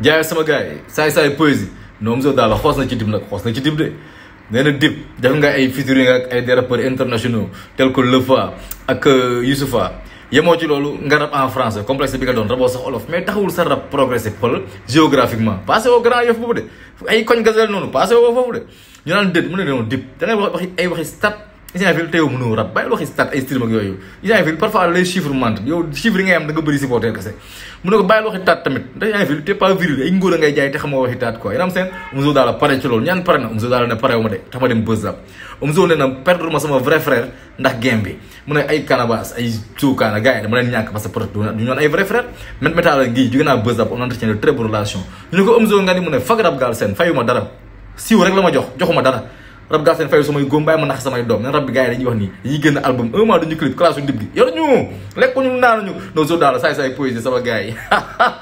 jaay sama gars yi saay-saay poésie noom so daal la xoos na ci dib nag xoos na ci dib de nee dib def nga ay featuring ak ay des rappeurs internationaux tel que Lefa ak euh, Youssoufa yemoo ci loolu nga rap en français complexe bi nga doon raboo sax olof mais taxawul sa rap progressé pal géographiquement passé woo grand yof boobu de ay koñ gazel noonu passé woo foofu de ñu naan déet mu ne noonu dib da ngay wax waxi stat Ismaël Fil teewu mënoo rab bàyyi waxi stat ay stream ak yooyu Ismaël Fil parfois les chiffres mentent yow chiffres yi ngay am da bëri supporter kese te pas a ngay ma de tax ma dem relation ñu ne ko Omzo nga ni mu ne fag rab gaal seen fayu dara siiw rek la ma jox joxuma dara rab gaa seen fayu samay góom bàyyi ma nax samay doom neen rab bi dañuy wax nii dañuy génn album un mois duñu clip classe u ndib gi yoruñu lekkuñu naanuñu non so daal saay saay poésie sama gars